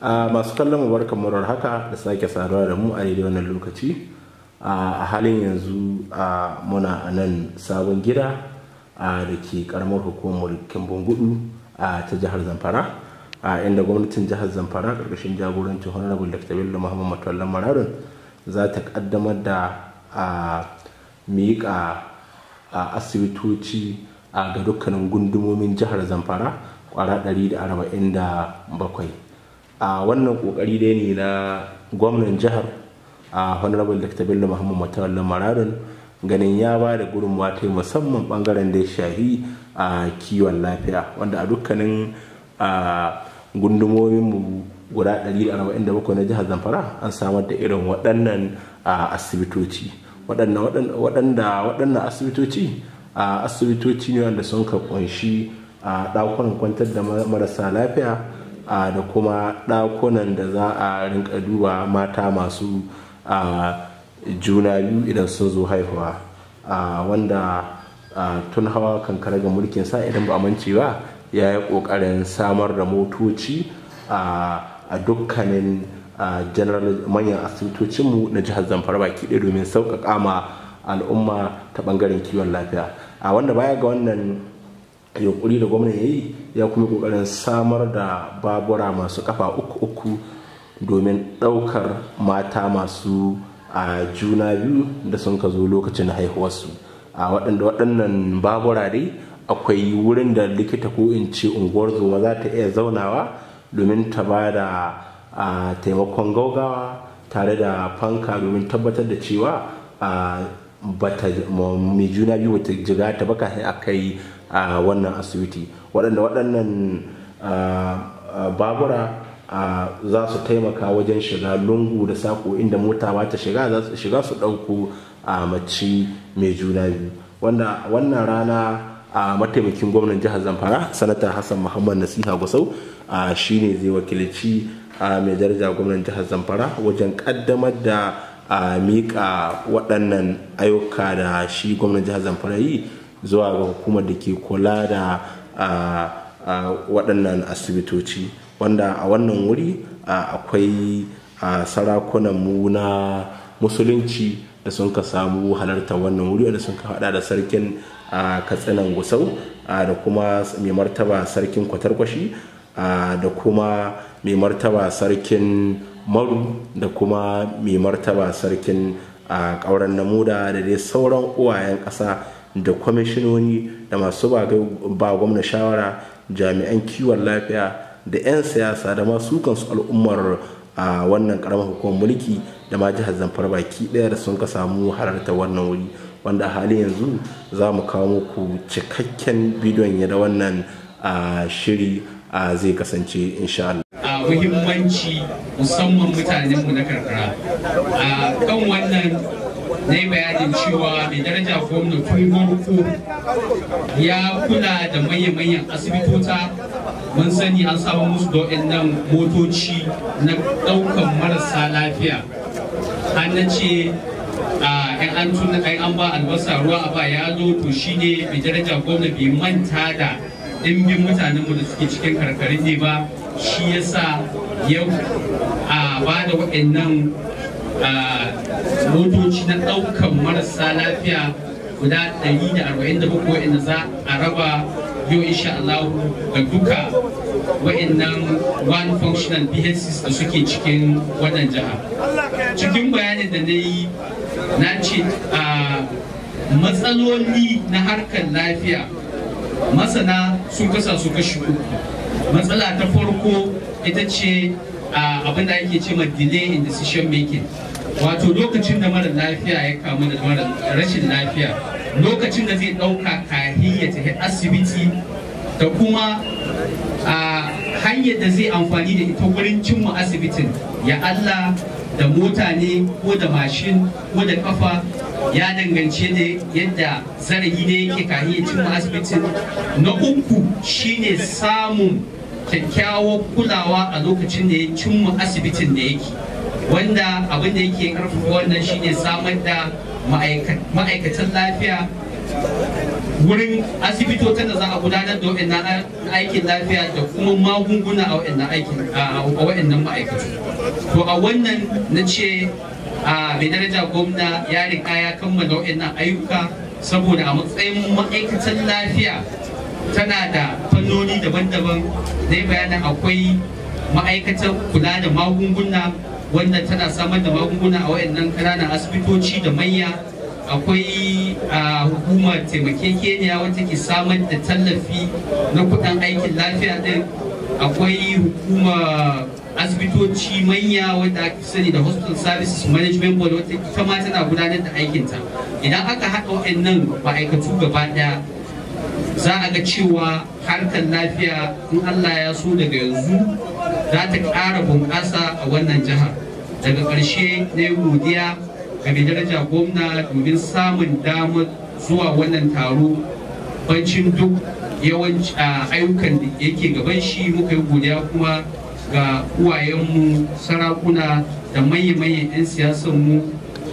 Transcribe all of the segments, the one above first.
a masu kallon mu barkan murar haka da sake saduwa da mu a daidai wannan lokaci a halin yanzu a muna a nan sabon gida a da ke karamar hukumar mulkin gudu a ta jihar zamfara a inda gwamnatin jihar zamfara karkashin jagorancin honorable dr bello muhammad matwallan mararin za ta kaddamar da a miƙa a asibitoci a ga dukkanin gundumomin jihar zamfara kwara 147 a wannan kokari dai ne na gwamnan jihar a honorable dr bello muhammad matawallan mararin ganin ya ba da gudunmawa ta musamman bangaren da ya shahi a kiwon lafiya wanda a dukkanin gundumomin mu guda 147 na jihar zamfara an samar da irin waɗannan asibitoci waɗannan asibitoci a asibitoci ne wanda sun ka ƙunshi a ɗakunan kwantar da marasa lafiya a da kuma ɗakunan da za a rinka duba mata masu juna biyu idan sun zo haihuwa wanda tun hawa kankara ga mulkin sa idan ba amince ba ya yi kokarin samar da motoci a dukkanin general manyan asibitocinmu na jihar zamfara baki ɗaya domin sauƙaƙa ma al'umma ta ɓangaren kiwon lafiya a wanda baya ga wannan yunkuri da gwamna ya yi ya kuma kokarin samar da babura masu kafa uku uku domin ɗaukar mata masu a juna biyu da sun ka zo lokacin haihuwarsu a waɗanda waɗannan babura dai akwai wurin da likita ko in ce unguwar zoma za ta iya zaunawa domin ta ba da taimakon gaugawa tare da fanka domin tabbatar da cewa mai juna biyu wata jiga ta baka a kai a wannan asibiti waɗanda waɗannan babura za su taimaka wajen shiga lungu da sako inda mota ba ta shiga za su shiga su ɗauko a mace mai juna biyu wannan rana a mataimakin gwamnan jihar zamfara sanata hassan muhammad nasiha gusau shi ne zai wakilci mai daraja gwamnan jihar zamfara wajen kaddamar da a miƙa waɗannan ayyuka da shi gwamnan jihar zamfara yi zuwa ga hukumar da ke kula da waɗannan asibitoci wanda a wannan wuri akwai sarakunanmu na musulunci da sun ka samu halartar wannan wuri da sun ka hada da sarkin katsinan gusau da kuma mai martaba sarkin kwatarkwashi da kuma mai martaba sarkin maru da kuma mai martaba sarkin a ƙauren namuda da dai sauran uwayen ƙasa da kwamishinoni da masu ba gwamna shawara jami'an kiwon lafiya da 'yan siyasa da masu kansu al'ummar a wannan karamar hukumar mulki da ma jihar zamfar baki daya da sun ka samu hararta wannan wuri wanda a halin yanzu za mu kawo muku cikakken bidiyon yadda wannan shiri zai kasance insha Allah. a muhimmanci musamman mutanenmu na karkara a kan wannan na yi bayanin cewa mai daraja gwamna tun ya kula da manya-manyan asibitota mun sani an samu musu da nan motoci na ɗaukan marasa lafiya an ce a yan an kai an ba albasa ruwa a ba zo to shine mai daraja gwamna bai manta da ɗimbin mutanenmu da suke cikin karkarin ne ba shi yasa yau a ba da waɗannan motoci na ɗaukan marasa lafiya guda 147 da za a raba yau insha Allah ga duka wa'annan one functional BHCs da suke cikin wannan jiha cikin bayanin da na yi na ce a matsaloli na harkar lafiya masana sun kasa su kashi uku matsala ta farko ita ce abin da ake ce ma delay in decision making wato lokacin da mara lafiya ya kamu da mara rashin lafiya lokacin da zai ɗauka kahi ya tafi asibiti da kuma a hanyar da zai amfani da ita wurin cimma asibitin ya Allah da mota ne ko da mashin ko da kafa ya danganci da yadda zarafi ne yake kahi ya cimma asibitin na uku shine samun kyakkyawar kulawa a lokacin da ya cimma asibitin da yake wanda abin da yake karfafa wannan shine samar da ma'aikatan lafiya wurin asibitocin da za a gudanar da wa'annan aikin lafiya da kuma magunguna a wa'annan aikin a ma'aikatu to a wannan na ce a mai daraja gwamna ya riƙa ya kammala wa'annan ayyuka saboda a matsayin ma'aikatan lafiya tana da fannoni daban-daban zai bayanin akwai ma'aikatan kula da magunguna wannan tana samar da magunguna a wayannan ƙananan asibitoci da manya akwai a hukumar taimakekeniya wata ke samar da tallafi na kudin aikin lafiya din akwai hukuma asibitoci manya wanda aka sani da hospital services management board wata ita ma tana gudanar da aikinta idan aka haɗa waɗannan ma'aikatu gaba ɗaya za a ga cewa harkar lafiya in allah ya so daga yanzu za ta ƙara bunƙasa a wannan jiha daga ƙarshe na yi godiya ga mai daraja gwamna domin samun damar zuwa wannan taro bancin duk yawanci a ayyukan da yake gaban shi muka yi godiya kuma ga uwayenmu sarakuna da manya-manyan 'yan siyasanmu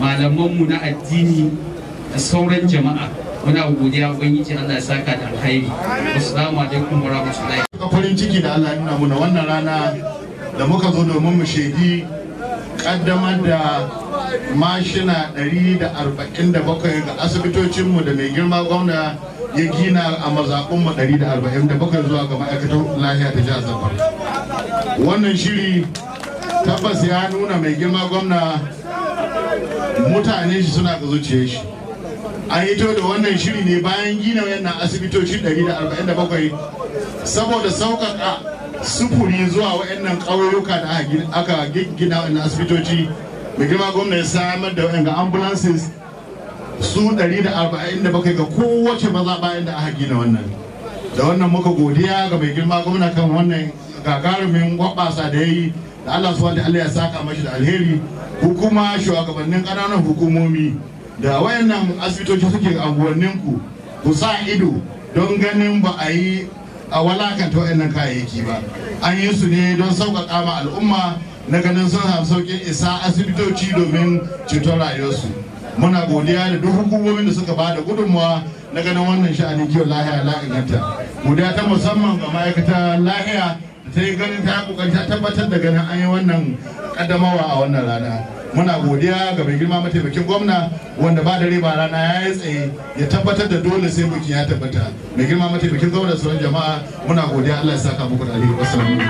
malamanmu na addini da sauran jama'a muna godiya ubangiji Allah ya saka da alhairi assalamu alaikum warahmatullahi farin ciki da Allah nuna muna wannan rana da muka zo domin mu shaidi kaddamar da mashina 147 ga asibitocinmu da mai girma gwamna ya gina a mazaɓinmu 147 zuwa ga ma'aikatar lahiya ta jihar Zamfara. Wannan shiri tabbas ya nuna mai girma gwamna mutane shi suna ga zuciyar shi. a yi da wannan shiri ne bayan gina wayannan asibitoci 147 saboda sauƙaƙa sufuri zuwa wa'annan ƙauyuka da aka gina wa'annan asibitoci mai girma gwamnati ya samar da waɗanda ambulances su 147 ga kowace maza bayan inda aka gina wannan da wannan muka godiya ga mai girma gwamnati kan wannan gagarumin wabasa da ya yi da Allah su wanda Allah ya saka mashi da alheri hukuma shugabannin ƙananan hukumomi da wayannan asibitoci suke a ku ku sa ido don ganin ba a yi a walakanta waɗannan kayayyaki ba an yi su ne don sauƙaƙa ma al'umma na ganin sun samu sauƙin isa asibitoci domin ceton rayuwarsu muna godiya da duk hukumomin da suka bada gudunmawa na ganin wannan sha'anin kiwon lahiya la'inganta godiya ta musamman ga ma'aikata lahiya ta yi ganin ta ƙoƙarin ta tabbatar da ganin an yi wannan kaddamawa a wannan rana muna godiya ga mai girma mataimakin gwamna wanda ba dare ba rana ya yi tsaye ya tabbatar da dole sai bukin ya tabbata mai girma mataimakin gwamna sauran jama'a muna godiya Allah ya saka muku da alheri assalamu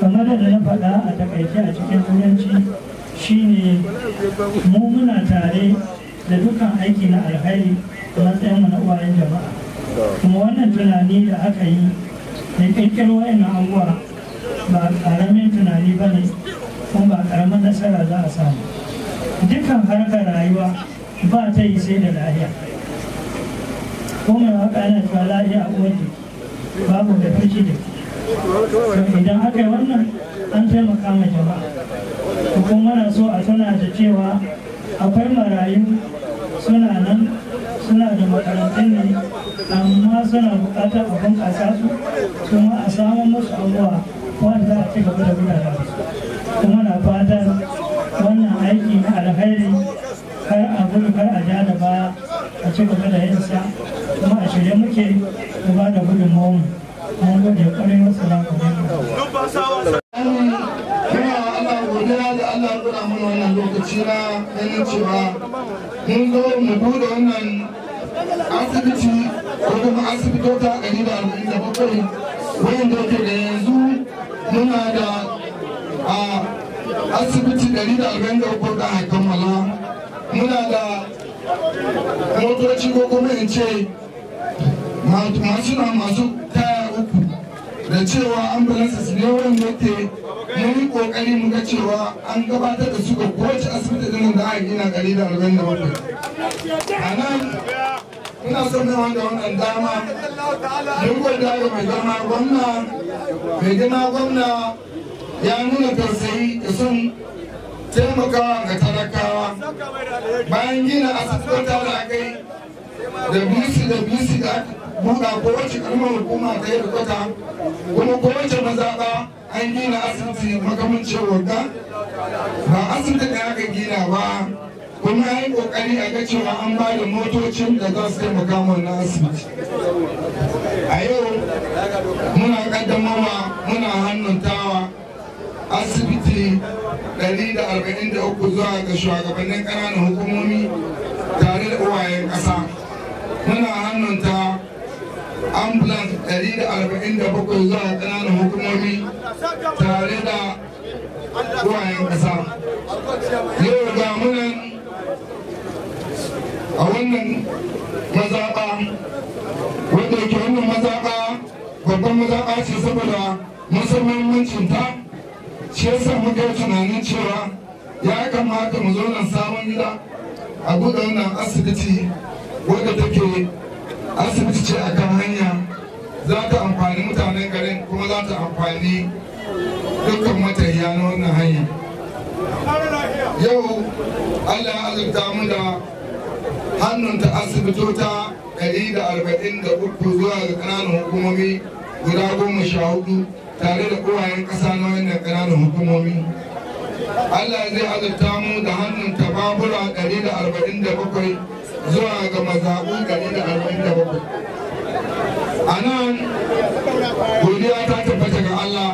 kamar da na faɗa a takaice a cikin turanci shine mu muna tare da dukkan aiki na alhari a matsayin na uwayen jama'a kuma wannan tunani da aka yi da kirkiro wa'in abubuwa ba ƙaramin tunani ba ne kuma ba karamin nasara za a samu dukkan harkar rayuwa ba ta yi sai da lahiya kuma haka ana cewa lahiya a wani babu da fushi da idan aka yi wannan an taimaka ma jama'a kuma na so a tana da cewa akwai marayu suna nan suna da makarantun ne amma suna bukatar abin bunƙasa su kuma a samun musu abuwa wanda za a ci gaba da gudanar da su kuma na fatan wannan aiki na alkhairi kar a gudu kar a ja da baya a ci gaba da yinsa kuma a shirye muke mu ba da gudun gudunmawarmu an gode kwarai wasu lamu lokaci na ganin cewa mun zo mu bude wannan asibiti ko kuma asibitota ɗari da arba'in da bakwai wanda ke da yanzu muna da a asibiti ɗari da arba'in da uku kammala muna da motoci ko kuma in ce masu na masu taya uku da cewa ambulances ne wanda ke mun yi kokari mu ga cewa an gabatar da su ga kowace asibiti da nan da aka gina ɗari da arba'in da bakwai a nan ina son mai wanda wannan dama duk wanda mai dama gwamna mai dama gwamna ya nuna tausayi da sun taimakawa ga talakawa bayan gina asibitota da aka yi da bisi da bisi da buɗa wacce karamar hukuma ta yi rikota kuma ko wacce mazaɓa an gina asibiti makamancin wagga ba asibiti da aka gina ba kuma ya yi ƙoƙari a ga cewa an ba da motocin da za su taimaka wannan asibiti a yau muna ƙaddamarwa, muna hannun tawa asibiti ɗari da da arba'in uku zuwa ga shugabannin ƙananan hukumomi tare da uwayen ƙasa muna hannunta ambulance bakwai zuwa ƙananan hukumomi tare da uwayen ƙasa yau ga munan a wannan mazaɓa wanda yake wannan mazaɓa babban mazaɓa ce saboda musamman ta shi yasa muka yi tunanin cewa ya kamata mu zo nan sabon gida a buɗe wannan asibiti wadda take asibiti ce a kan hanya za ta amfani mutanen garin kuma za ta amfani dukkan matahiya na wannan hanya yau allah ya azurta mu da hannunta asibitota uku zuwa ga ƙananan hukumomi guda goma sha hudu tare da kowayen ƙasa na wannan ƙananan hukumomi Allah zai azurta mu da hannun tababura 147 zuwa ga mazaɓu 147 a nan godiya ta tabbata ga Allah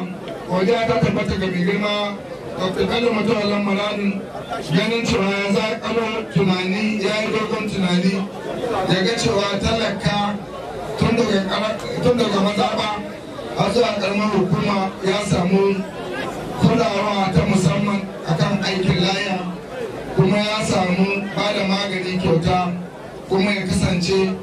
godiya ta tabbata ga mai girma kakkakalin mutum Allah maradin ganin cewa ya zaƙalo tunani ya yi dogon tunani ya ga cewa talaka tun daga mazaɓa har zuwa karamar hukuma ya samu kulawa ta musamman akan aikin laya kuma ya samu ba da magani kyauta kuma ya kasance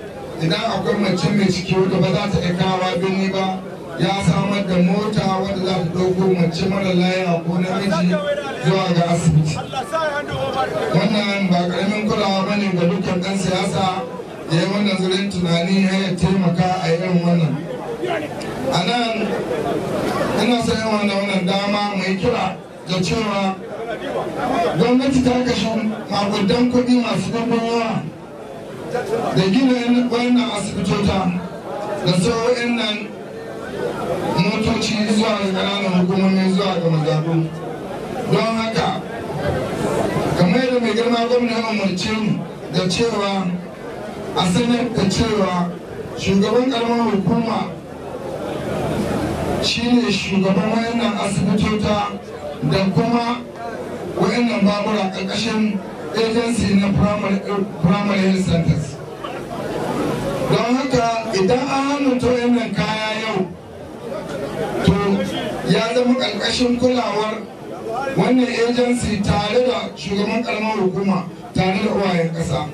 idan akwai mace mai ciki wadda ba za ta iya kawa birni ba ya samar da mota wadda za ta ɗauko mace mara laya ko miji zuwa ga asibiti wannan ba ƙaramin kulawa ba ne ga dukkan ɗan siyasa da ya wannan zurin tunani ya taimaka a irin wannan a nan ina sayan wanda wannan dama mai kira da cewa gwamnati ta kashe magudan kuɗi masu ɗumbin yawa da gina wannan asibitota da sauran nan motoci zuwa ga ƙananan hukumomi zuwa ga mazaɓu don haka kamar da mai girma gwamna ya umarce mu da cewa a sanar da cewa shugaban ƙaramin hukuma shine shugaban wayannan asibitota da kuma wayannan babura ƙarƙashin agency na primary health centers don haka idan an to wayannan kaya yau to ya zama ƙarƙashin kulawar wannan agency tare da shugaban ƙaramar hukuma tare da wayan ƙasa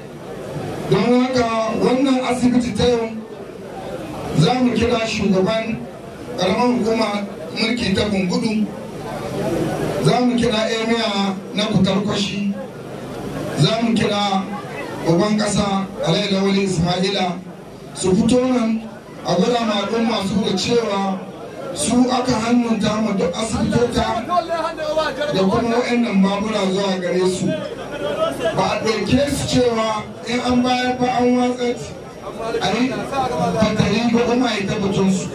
don haka wannan asibiti ta yau za mu kira shugaban karamar hukuma mulki ta bungudu za mu kira emiya na kwashi, za mu kira babban ƙasa alayi lawali ismaila su fito nan a gwada ma masu da cewa su aka hannunta mu duk asibitota da kuma wa'annan babura zuwa gare su ba a ɗauke su cewa in an bayar ba an watsa. tattali ko kuma su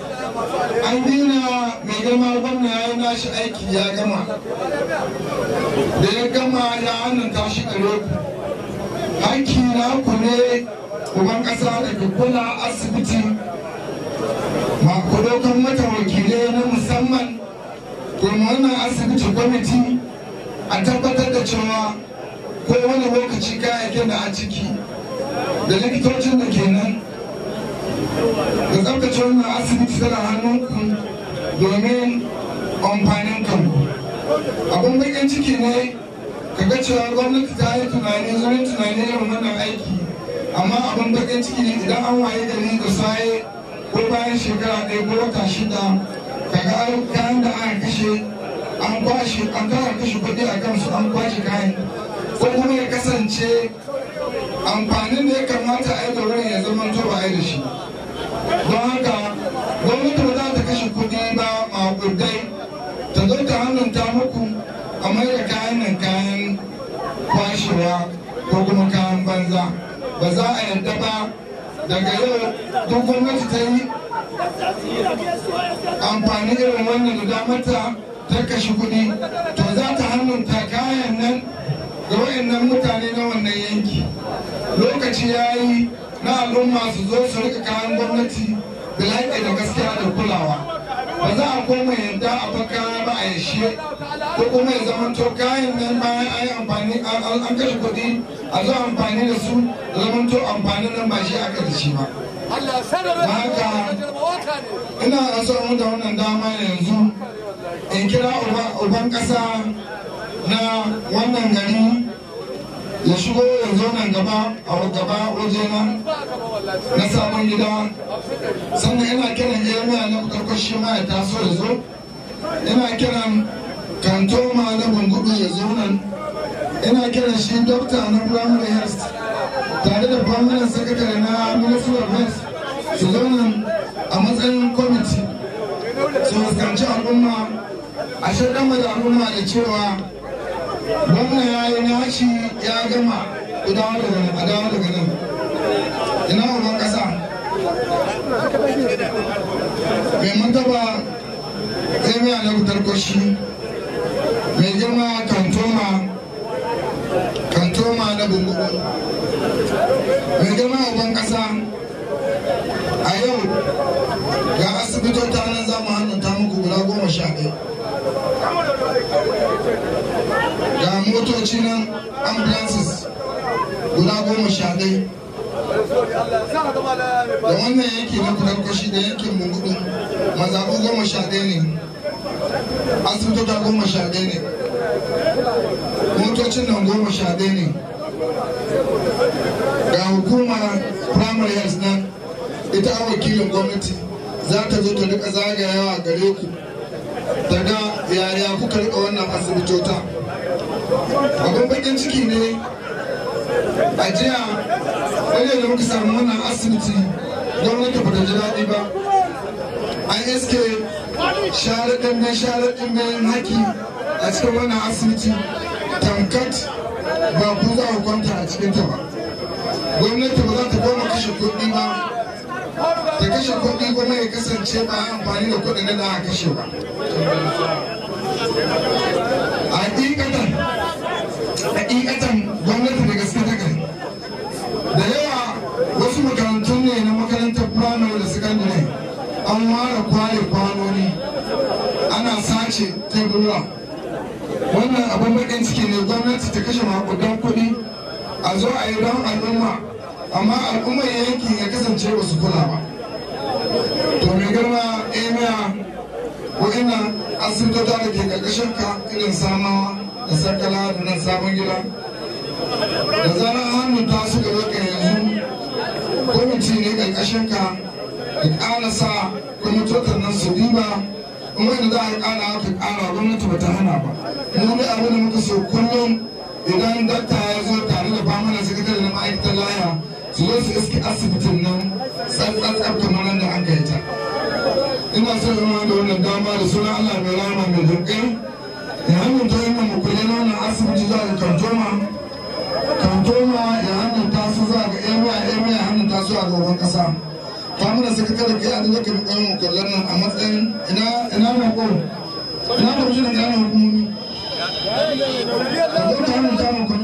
an dina mai girma gwamna ya yi nashi aiki ya gama da ya gama ya hannun tashi a lokaci aiki na ku ne ƙasa da ke kula asibiti ma ku ɗaukar mata wakilai na musamman domin wannan asibiti gwamnati a tabbatar da cewa kowane lokaci kayayyakin da a ciki da likitocin da ke nan da tsabtace wannan asibiti tana hannunku domin amfanin kanku abin bakin ciki ne ga cewa gwamnati ta yi tunani zurin tunani irin wannan aiki amma abin bakin ciki ne idan an waye gari da saye ko bayan shekara ɗaya ko wata shida kaga kayan da aka kashe an kwashe an kashe kuɗi a kansu an kwashe kayan ko kuma ya kasance amfanin da ya kamata a yi da wurin ya zama to ba a yi da shi don haka gwamnati ba za ta kashe kuɗi ba maƙudai ta zo ta hannunta muku a mai da kayan nan kayan kwashewa ko kuma kayan banza ba za a yarda ba daga yau duk gwamnati ta yi amfani irin wannan da damarta ta kashe kuɗi to za ta hannunta kayan nan ga wayannan mutane na wannan yanki lokaci ya yi na al'umma su zo su rika kayan gwamnati da laƙe da gaskiya da kulawa ba za a koma yadda a baka ba a yashe ko kuma ya zama to kayan nan bayan an yi amfani an kashe kuɗi a zo amfani da su zama to amfani nan ba shi aka da shi ba haka ina son da wannan dama yanzu in kira uban ƙasa na wannan gari ya shigo yanzu nan gaba a gaba wajena na sabon gida sannan ina kiran jami'a na karkashin ma ya taso ya zo Ina kiran kantoma na bungudu ya zo nan. Ina kiran shi dokta na primary health tare da permanent sakatare na ministry of health su zauna a matsayin kwamiti su fuskanci al'umma a shaidan da al'umma da cewa gwamna ya yi nashi ya gama ku dawo daga nan a dawo daga nan ina uban ƙasa mai mantaba jami'a na wutar kwashi mai girma kantoma kantoma na bungudu mai girma uban ƙasa a yau ga asibitota nan za mu hannun ta muku guda goma sha ɗaya motoci nan ambulances guda goma sha ɗai da wannan yanki na kurankashi da yankin mungudu mazaɓu goma sha ɗaya ne asibitota goma sha ɗaya ne motocin nan goma sha ɗaya ne ga hukumar primary health nan ita a wakilin gwamnati za ta zo ta rika zagayawa gare ku daga yaya kuka rika wannan asibitota abin bakin ciki ne a jiya wani da muka samu wannan asibiti gwamnati ba ta ji daɗi ba an iske share ɗanɗan share ɗanɗan haki a cikin wannan asibiti tamkat ba ku za ku kwanta a cikinta ba gwamnati ba za ta koma kashe kuɗi ba ta kashe kuɗi kuma ya kasance ba amfani da kuɗi na da aka kashe ba A hakikatan makarantar da secondary an ware kware kwanoni ana sace tebura wannan abin bakin ciki ne gwamnati ta kashe makudan kuɗi a zo a yi don al'umma amma al'ummar yanki ya kasance ba su kula ba to mai girma emia eh, wa'ina asibitota da ke karkashin ka irin samawa da sarkala da nan sabon gida da zarar hannun ta suka zaka yanzu kwamiti ne ƙarƙashin ka ka ƙara sa kwamitotar nan su riba in wani za a ƙara ka ƙara gwamnati ba ta hana ba mu ne abu da muka so kullum idan dakta ya zo tare da famana sakatare na ma'aikatar laya su zo su iske asibitin nan tsantsantsar kamar da an kai ina son yawa da wannan dama da suna allah mai rama mai dunkai ya hannun ta yin makulai na wannan asibiti za ga kantoma kantoma ya hannun ta su za ka. na zuwa gaban kasa ta muna sakatare ke adin yake mukamin mukallar nan a matsayin ina ina na ko ina da shi da gane hukumomi